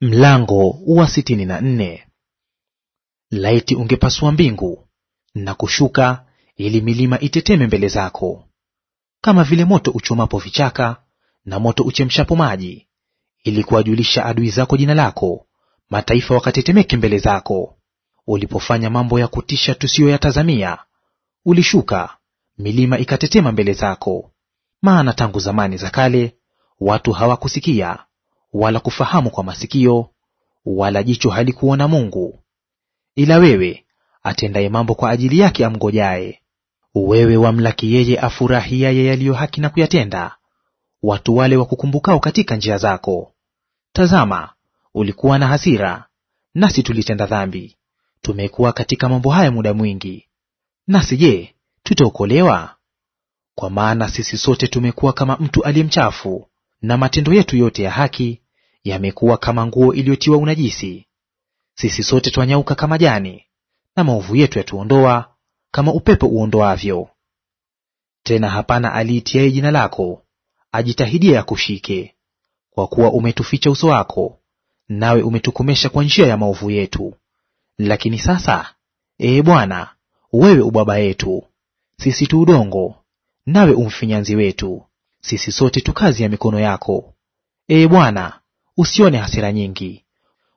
Mlango wa sitini na nne. Laiti ungepasua mbingu na kushuka, ili milima iteteme mbele zako. Kama vile moto uchomapo vichaka na moto uchemshapo maji, ili kuwajulisha adui zako jina lako, mataifa wakatetemeke mbele zako. Ulipofanya mambo ya kutisha tusiyoyatazamia, ulishuka, milima ikatetema mbele zako. Maana tangu zamani za kale watu hawakusikia wala kufahamu kwa masikio, wala jicho halikuona Mungu, ila wewe atendaye mambo kwa ajili yake amgojaye. Wewe wamlaki yeye afurahiaye yaliyo haki na kuyatenda, watu wale wakukumbukao katika njia zako. Tazama, ulikuwa na hasira, nasi tulitenda dhambi; tumekuwa katika mambo haya muda mwingi. Nasi je, tutaokolewa? Kwa maana sisi sote tumekuwa kama mtu aliye mchafu, na matendo yetu yote ya haki yamekuwa kama nguo iliyotiwa unajisi. Sisi sote twanyauka kama jani, na maovu yetu yatuondoa kama upepo uondoavyo. Tena hapana aliitiaye jina lako ajitahidie akushike, kwa kuwa umetuficha uso wako, nawe umetukomesha kwa njia ya maovu yetu. Lakini sasa, ee Bwana, wewe ubaba yetu, sisi tu udongo, nawe umfinyanzi wetu sisi sote tu kazi ya mikono yako. Ee Bwana, usione hasira nyingi,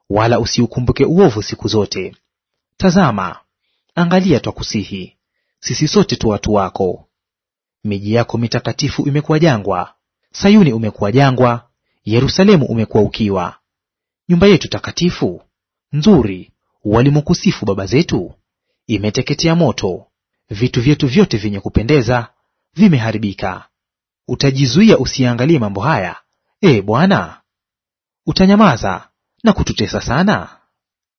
wala usiukumbuke uovu siku zote. Tazama, angalia, twakusihi, sisi sote tu watu wako. Miji yako mitakatifu imekuwa jangwa, Sayuni umekuwa jangwa, Yerusalemu umekuwa ukiwa. Nyumba yetu takatifu nzuri, walimokusifu baba zetu, imeteketea moto; vitu vyetu vyote vyenye kupendeza vimeharibika. Utajizuia usiangalie mambo haya, e Bwana? Utanyamaza na kututesa sana?